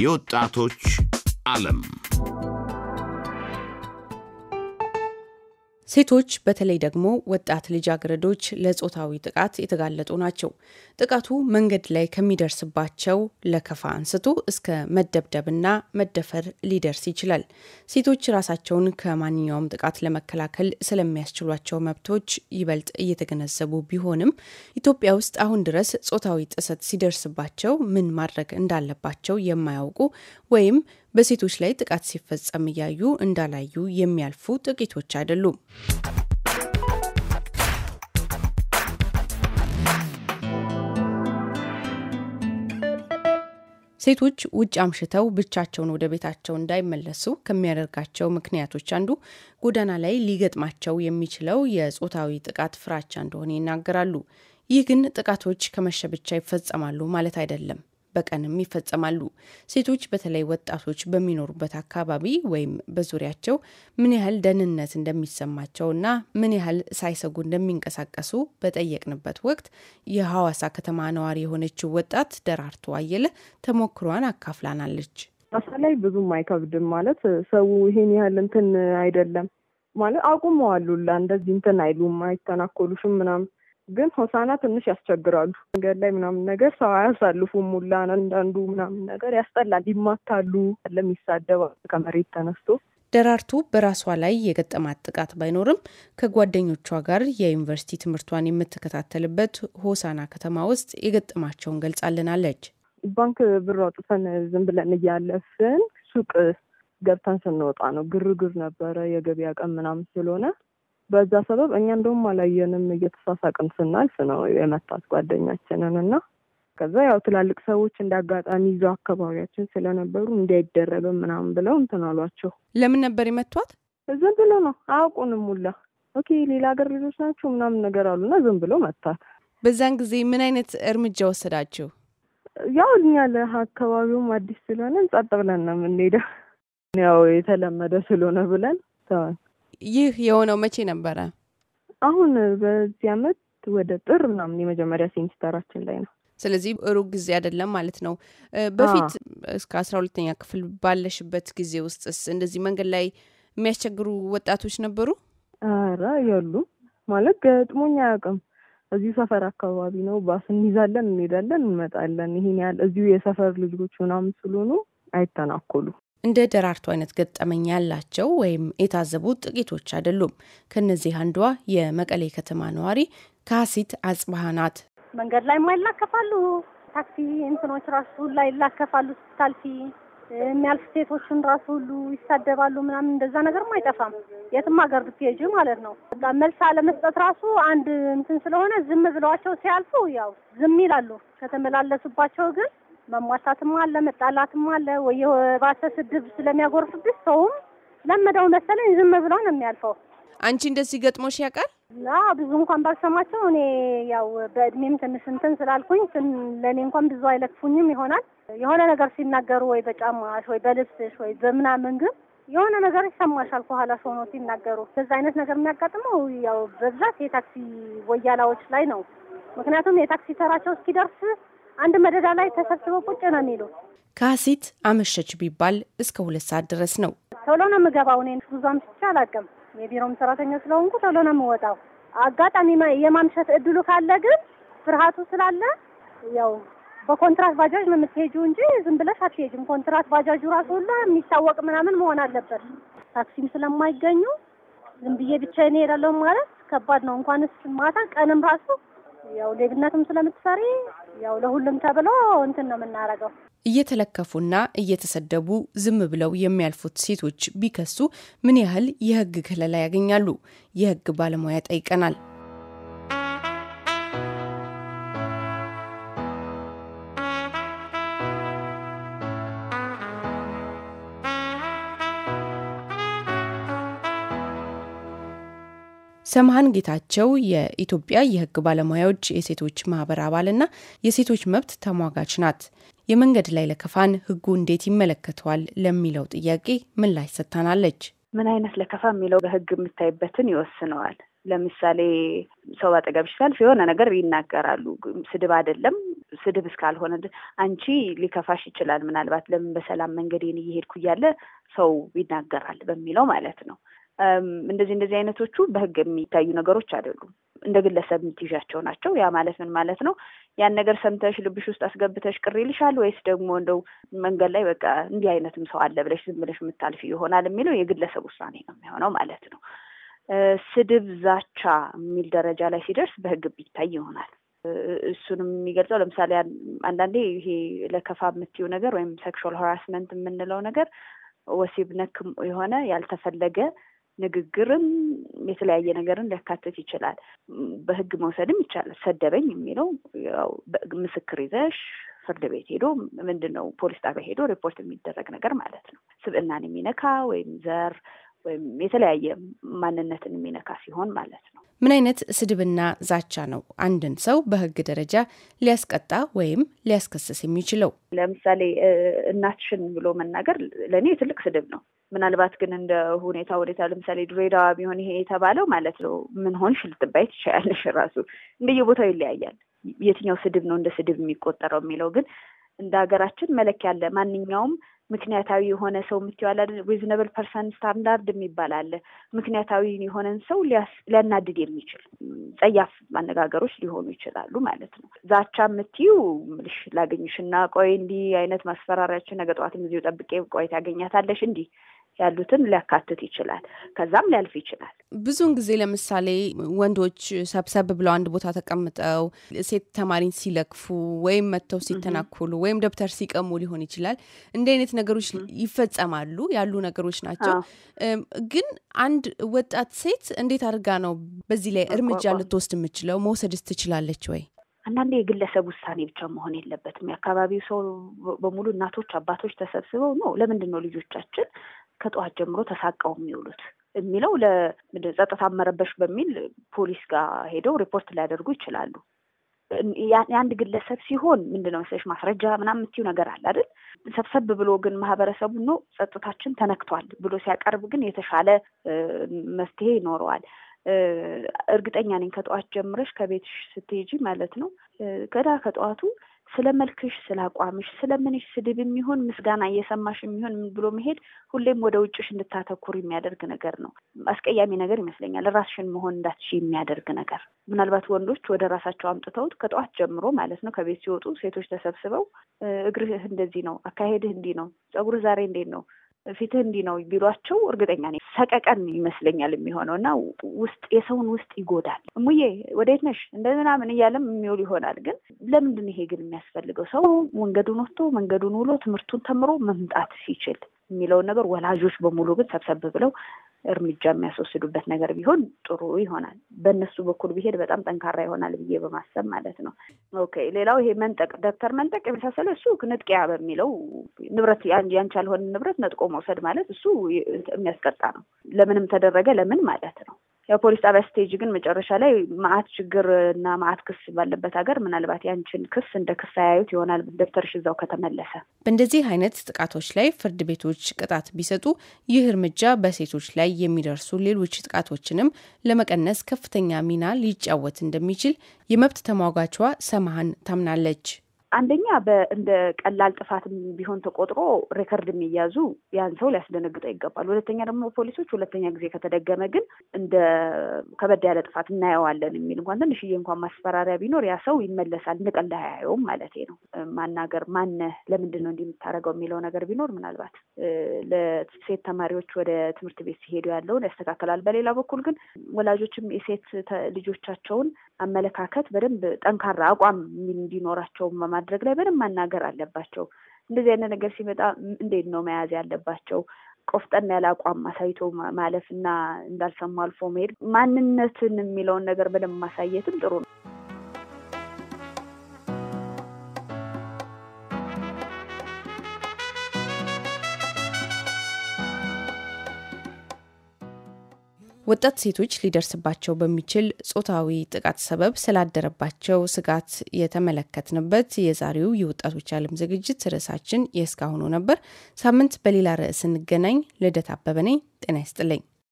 የወጣቶች ዓለም ሴቶች በተለይ ደግሞ ወጣት ልጃገረዶች ለጾታዊ ጥቃት የተጋለጡ ናቸው። ጥቃቱ መንገድ ላይ ከሚደርስባቸው ለከፋ አንስቶ እስከ መደብደብና መደፈር ሊደርስ ይችላል። ሴቶች ራሳቸውን ከማንኛውም ጥቃት ለመከላከል ስለሚያስችሏቸው መብቶች ይበልጥ እየተገነዘቡ ቢሆንም ኢትዮጵያ ውስጥ አሁን ድረስ ጾታዊ ጥሰት ሲደርስባቸው ምን ማድረግ እንዳለባቸው የማያውቁ ወይም በሴቶች ላይ ጥቃት ሲፈጸም እያዩ እንዳላዩ የሚያልፉ ጥቂቶች አይደሉም። ሴቶች ውጭ አምሽተው ብቻቸውን ወደ ቤታቸው እንዳይመለሱ ከሚያደርጋቸው ምክንያቶች አንዱ ጎዳና ላይ ሊገጥማቸው የሚችለው የጾታዊ ጥቃት ፍራቻ እንደሆነ ይናገራሉ። ይህ ግን ጥቃቶች ከመሸ ብቻ ይፈጸማሉ ማለት አይደለም። በቀንም ይፈጸማሉ። ሴቶች በተለይ ወጣቶች በሚኖሩበት አካባቢ ወይም በዙሪያቸው ምን ያህል ደህንነት እንደሚሰማቸው እና ምን ያህል ሳይሰጉ እንደሚንቀሳቀሱ በጠየቅንበት ወቅት የሐዋሳ ከተማ ነዋሪ የሆነችው ወጣት ደራርቱ አየለ ተሞክሯን አካፍላናለች። ሐዋሳ ላይ ብዙም አይከብድም ማለት ሰው ይሄን ያህል እንትን አይደለም ማለት አቁመዋሉላ እንደዚህ እንትን አይሉም አይተናኮሉሽም ምናምን ግን ሆሳና ትንሽ ያስቸግራሉ። መንገድ ላይ ምናምን ነገር ሰው አያሳልፉም። ሙላ አንዳንዱ ምናምን ነገር ያስጠላል። ይማታሉ፣ ለሚሳደባል ከመሬት ተነስቶ ደራርቱ በራሷ ላይ የገጠማት ጥቃት ባይኖርም ከጓደኞቿ ጋር የዩኒቨርሲቲ ትምህርቷን የምትከታተልበት ሆሳና ከተማ ውስጥ የገጠማቸውን ገልጻልናለች። ባንክ ብር አውጥተን ዝም ብለን እያለፍን ሱቅ ገብተን ስንወጣ ነው ግርግር ነበረ። የገበያ ቀን ምናምን ስለሆነ በዛ ሰበብ እኛ እንደውም አላየንም እየተሳሳቅን ስናልፍ ነው የመታት ጓደኛችንን እና ከዛ ያው ትላልቅ ሰዎች እንደ አጋጣሚ ይዘው አካባቢያችን ስለነበሩ እንዳይደረግም ምናምን ብለው እንትን አሏቸው። ለምን ነበር የመቷት? ዝም ብሎ ነው አያውቁንም ሁላ ኦኬ፣ ሌላ ሀገር ልጆች ናቸው ምናምን ነገር አሉና ዝም ብሎ መታት። በዛን ጊዜ ምን አይነት እርምጃ ወሰዳችሁ? ያው እኛ ለአካባቢውም አዲስ ስለሆነን ጸጥ ብለን ነው የምንሄደው። ያው የተለመደ ስለሆነ ብለን ተወን። ይህ የሆነው መቼ ነበረ? አሁን በዚህ አመት ወደ ጥር ምናምን የመጀመሪያ ሴሚስተራችን ላይ ነው። ስለዚህ ሩቅ ጊዜ አይደለም ማለት ነው። በፊት እስከ አስራ ሁለተኛ ክፍል ባለሽበት ጊዜ ውስጥስ እንደዚህ መንገድ ላይ የሚያስቸግሩ ወጣቶች ነበሩ? ኧረ የሉ ማለት ገጥሞኝ አያውቅም። እዚሁ ሰፈር አካባቢ ነው። ባስ እንይዛለን፣ እንሄዳለን፣ እንመጣለን። ይሄን ያህል እዚሁ የሰፈር ልጆች ምናምን ስለሆኑ አይተናኮሉ እንደ ደራርቱ አይነት ገጠመኝ ያላቸው ወይም የታዘቡ ጥቂቶች አይደሉም። ከነዚህ አንዷ የመቀሌ ከተማ ነዋሪ ካሲት አጽባሃ ናት። መንገድ ላይ ማይላከፋሉ ታክሲ እንትኖች ራሱ ላይ ይላከፋሉ። ስታልፊ የሚያልፍ ሴቶችን ራሱ ሁሉ ይሳደባሉ ምናምን እንደዛ ነገር አይጠፋም። የትም ሀገር ብትሄጂ ማለት ነው። መልስ አለመስጠት ራሱ አንድ እንትን ስለሆነ ዝም ብለዋቸው ሲያልፉ ያው ዝም ይላሉ። ከተመላለሱባቸው ግን መሟሳትም አለ መጣላትም አለ። ወይ የባሰ ስድብ ስለሚያጎርፍብሽ ሰውም ለመደው መሰለኝ ዝም ብሎ ነው የሚያልፈው። አንቺ እንደዚህ ገጥሞሽ ያውቃል? ብዙ እንኳን ባልሰማቸው እኔ ያው በእድሜም ትንሽ እንትን ስላልኩኝ ለእኔ እንኳን ብዙ አይለክፉኝም ይሆናል። የሆነ ነገር ሲናገሩ ወይ በጫማሽ ወይ በልብስሽ ወይ በምናምን ግን የሆነ ነገር ይሰማሻል ከኋላሽ ሆኖ ሲናገሩ። በዛ አይነት ነገር የሚያጋጥመው ያው በብዛት የታክሲ ወያላዎች ላይ ነው። ምክንያቱም የታክሲ ተራቸው እስኪደርስ አንድ መደዳ ላይ ተሰብስበው ቁጭ ነው የሚሉ። ካሲት አመሸች ቢባል እስከ ሁለት ሰዓት ድረስ ነው። ቶሎ ነው የምገባው። እኔ ብዙ አምሽቼ አላውቅም። የቢሮም ሰራተኛ ስለሆንኩ ቶሎ ነው የምወጣው። አጋጣሚ የማምሸት እድሉ ካለ ግን ፍርሃቱ ስላለ ያው በኮንትራት ባጃጅ ነው የምትሄጁ እንጂ ዝም ብለሽ አትሄጅም። ኮንትራት ባጃጁ ራሱ ሁላ የሚታወቅ ምናምን መሆን አለበት። ታክሲም ስለማይገኙ ዝም ብዬ ብቻዬን ሄዳለሁ ማለት ከባድ ነው። እንኳን እንኳንስ ማታ ቀንም ራሱ ያው ሌብነትም ስለምትሰሪ ያው ለሁሉም ተብሎ እንትን ነው የምናረገው። እየተለከፉና እየተሰደቡ ዝም ብለው የሚያልፉት ሴቶች ቢከሱ ምን ያህል የህግ ከለላ ያገኛሉ? የህግ ባለሙያ ጠይቀናል። ሰምሃን ጌታቸው የኢትዮጵያ የህግ ባለሙያዎች የሴቶች ማህበር አባልና የሴቶች መብት ተሟጋች ናት። የመንገድ ላይ ለከፋን ህጉ እንዴት ይመለከተዋል ለሚለው ጥያቄ ምላሽ ሰጥታናለች። ምን አይነት ለከፋ የሚለው በህግ የምታይበትን ይወስነዋል። ለምሳሌ ሰው ባጠገብሽ ሲያልፍ የሆነ ነገር ይናገራሉ። ስድብ አይደለም፣ ስድብ እስካልሆነ አንቺ ሊከፋሽ ይችላል። ምናልባት ለምን በሰላም መንገዴን እየሄድኩ እያለ ሰው ይናገራል በሚለው ማለት ነው። እንደዚህ እንደዚህ አይነቶቹ በህግ የሚታዩ ነገሮች አይደሉም። እንደ ግለሰብ የምትይዣቸው ናቸው። ያ ማለት ምን ማለት ነው? ያን ነገር ሰምተሽ ልብሽ ውስጥ አስገብተሽ ቅር ይልሻል ወይስ ደግሞ እንደው መንገድ ላይ በቃ እንዲህ አይነትም ሰው አለ ብለሽ ዝም ብለሽ የምታልፊ ይሆናል የሚለው የግለሰብ ውሳኔ ነው የሚሆነው ማለት ነው። ስድብ፣ ዛቻ የሚል ደረጃ ላይ ሲደርስ በህግ ቢታይ ይሆናል። እሱንም የሚገልጸው ለምሳሌ አንዳንዴ ይሄ ለከፋ የምትይው ነገር ወይም ሴክሹዋል ሃራስመንት የምንለው ነገር ወሲብ ነክ የሆነ ያልተፈለገ ንግግርም የተለያየ ነገርን ሊያካትት ይችላል። በህግ መውሰድም ይቻላል። ሰደበኝ የሚለው ምስክር ይዘሽ ፍርድ ቤት ሄዶ ምንድን ነው ፖሊስ ጣቢያ ሄዶ ሪፖርት የሚደረግ ነገር ማለት ነው። ስብዕናን የሚነካ ወይም ዘር ወይም የተለያየ ማንነትን የሚነካ ሲሆን ማለት ነው። ምን አይነት ስድብና ዛቻ ነው አንድን ሰው በህግ ደረጃ ሊያስቀጣ ወይም ሊያስከስስ የሚችለው? ለምሳሌ እናትሽን ብሎ መናገር ለእኔ ትልቅ ስድብ ነው። ምናልባት ግን እንደ ሁኔታ ሁኔታ ለምሳሌ ድሬዳዋ ቢሆን ይሄ የተባለው ማለት ነው ምን ሆንሽ ልትባይ ትችያለሽ። ራሱ እንደየቦታው ይለያያል። የትኛው ስድብ ነው እንደ ስድብ የሚቆጠረው የሚለው ግን እንደ ሀገራችን መለኪያ አለ። ማንኛውም ምክንያታዊ የሆነ ሰው የምትዋላ ሪዝነብል ፐርሰን ስታንዳርድ የሚባል አለ። ምክንያታዊ የሆነን ሰው ሊያናድድ የሚችል ጸያፍ አነጋገሮች ሊሆኑ ይችላሉ ማለት ነው። ዛቻ የምትዩ ምልሽ ላገኝሽ እና ቆይ እንዲህ አይነት ማስፈራሪያችን ነገ ጠዋትም እዚሁ ጠብቄ ቆይ ታገኛታለሽ እንዲህ ያሉትን ሊያካትት ይችላል። ከዛም ሊያልፍ ይችላል። ብዙውን ጊዜ ለምሳሌ ወንዶች ሰብሰብ ብለው አንድ ቦታ ተቀምጠው ሴት ተማሪን ሲለክፉ ወይም መጥተው ሲተናኮሉ ወይም ደብተር ሲቀሙ ሊሆን ይችላል። እንዲህ አይነት ነገሮች ይፈጸማሉ ያሉ ነገሮች ናቸው። ግን አንድ ወጣት ሴት እንዴት አድርጋ ነው በዚህ ላይ እርምጃ ልትወስድ የምችለው? መውሰድስ ትችላለች ወይ? አንዳንዴ የግለሰብ ውሳኔ ብቻ መሆን የለበትም። የአካባቢው ሰው በሙሉ እናቶች፣ አባቶች ተሰብስበው ነው ለምንድን ነው ልጆቻችን ከጠዋት ጀምሮ ተሳቀው የሚውሉት የሚለው ለጸጥታ መረበሽ በሚል ፖሊስ ጋር ሄደው ሪፖርት ሊያደርጉ ይችላሉ። የአንድ ግለሰብ ሲሆን ምንድነው መሰለሽ ማስረጃ ምናምን የምትይው ነገር አለ አይደል? ሰብሰብ ብሎ ግን ማህበረሰቡ ነው ጸጥታችን ተነክቷል ብሎ ሲያቀርብ ግን የተሻለ መፍትሄ ይኖረዋል። እርግጠኛ ነኝ ከጠዋት ጀምረሽ ከቤትሽ ስትሄጂ ማለት ነው ገዳ ከጠዋቱ ስለ መልክሽ፣ ስለ አቋምሽ፣ ስለ ምንሽ ስድብ የሚሆን ምስጋና እየሰማሽ የሚሆን ምን ብሎ መሄድ ሁሌም ወደ ውጭሽ እንድታተኩር የሚያደርግ ነገር ነው። አስቀያሚ ነገር ይመስለኛል። ራስሽን መሆን እንዳትሽ የሚያደርግ ነገር ምናልባት ወንዶች ወደ ራሳቸው አምጥተውት ከጠዋት ጀምሮ ማለት ነው ከቤት ሲወጡ ሴቶች ተሰብስበው እግርህ እንደዚህ ነው፣ አካሄድህ እንዲህ ነው፣ ጸጉርህ ዛሬ እንዴት ነው ፊትህ እንዲህ ነው ቢሏቸው እርግጠኛ ነኝ ሰቀቀን ይመስለኛል የሚሆነው እና ውስጥ የሰውን ውስጥ ይጎዳል። እሙዬ ወዴት ነሽ እንደምናምን እያለም የሚውል ይሆናል። ግን ለምንድን ይሄ ግን የሚያስፈልገው ሰው መንገዱን ወጥቶ መንገዱን ውሎ ትምህርቱን ተምሮ መምጣት ሲችል የሚለውን ነገር ወላጆች በሙሉ ግን ሰብሰብ ብለው እርምጃ የሚያስወስዱበት ነገር ቢሆን ጥሩ ይሆናል። በእነሱ በኩል ቢሄድ በጣም ጠንካራ ይሆናል ብዬ በማሰብ ማለት ነው። ኦኬ ሌላው ይሄ መንጠቅ፣ ደብተር መንጠቅ የመሳሰለ እሱ ንጥቂያ በሚለው ንብረት ያንቺ ያልሆነ ንብረት ነጥቆ መውሰድ ማለት እሱ የሚያስቀጣ ነው። ለምንም ተደረገ ለምን ማለት ነው። የፖሊስ ጣቢያ ስቴጅ ግን መጨረሻ ላይ ማአት ችግር እና ማአት ክስ ባለበት ሀገር ምናልባት ያንችን ክስ እንደ ክስ አያዩት ይሆናል ደብተርሽ እዛው ከተመለሰ። በእንደዚህ አይነት ጥቃቶች ላይ ፍርድ ቤቶች ቅጣት ቢሰጡ ይህ እርምጃ በሴቶች ላይ የሚደርሱ ሌሎች ጥቃቶችንም ለመቀነስ ከፍተኛ ሚና ሊጫወት እንደሚችል የመብት ተሟጋቿ ሰማሀን ታምናለች። አንደኛ እንደ ቀላል ጥፋት ቢሆን ተቆጥሮ ሬከርድ የሚያዙ ያን ሰው ሊያስደነግጠው ይገባል። ሁለተኛ ደግሞ ፖሊሶች ሁለተኛ ጊዜ ከተደገመ ግን እንደ ከበድ ያለ ጥፋት እናየዋለን የሚል እንኳን ትንሽዬ እንኳን ማስፈራሪያ ቢኖር ያ ሰው ይመለሳል። እንደ ቀልድ አያየውም ማለት ነው። ማናገር ማነህ፣ ለምንድን ነው እንዲህ የምታደርገው የሚለው ነገር ቢኖር ምናልባት ለሴት ተማሪዎች ወደ ትምህርት ቤት ሲሄዱ ያለውን ያስተካከላል። በሌላ በኩል ግን ወላጆችም የሴት ልጆቻቸውን አመለካከት በደንብ ጠንካራ አቋም እንዲኖራቸው በማድረግ ላይ በደንብ ማናገር አለባቸው። እንደዚህ አይነት ነገር ሲመጣ እንዴት ነው መያዝ ያለባቸው? ቆፍጠን ያለ አቋም አሳይቶ ማለፍ እና እንዳልሰሙ አልፎ መሄድ ማንነትን የሚለውን ነገር በደንብ ማሳየትም ጥሩ ነው። ወጣት ሴቶች ሊደርስባቸው በሚችል ጾታዊ ጥቃት ሰበብ ስላደረባቸው ስጋት የተመለከትንበት የዛሬው የወጣቶች ዓለም ዝግጅት ርዕሳችን የእስካሁኑ ነበር። ሳምንት በሌላ ርዕስ እንገናኝ። ልደት አበበ ነኝ። ጤና ይስጥልኝ።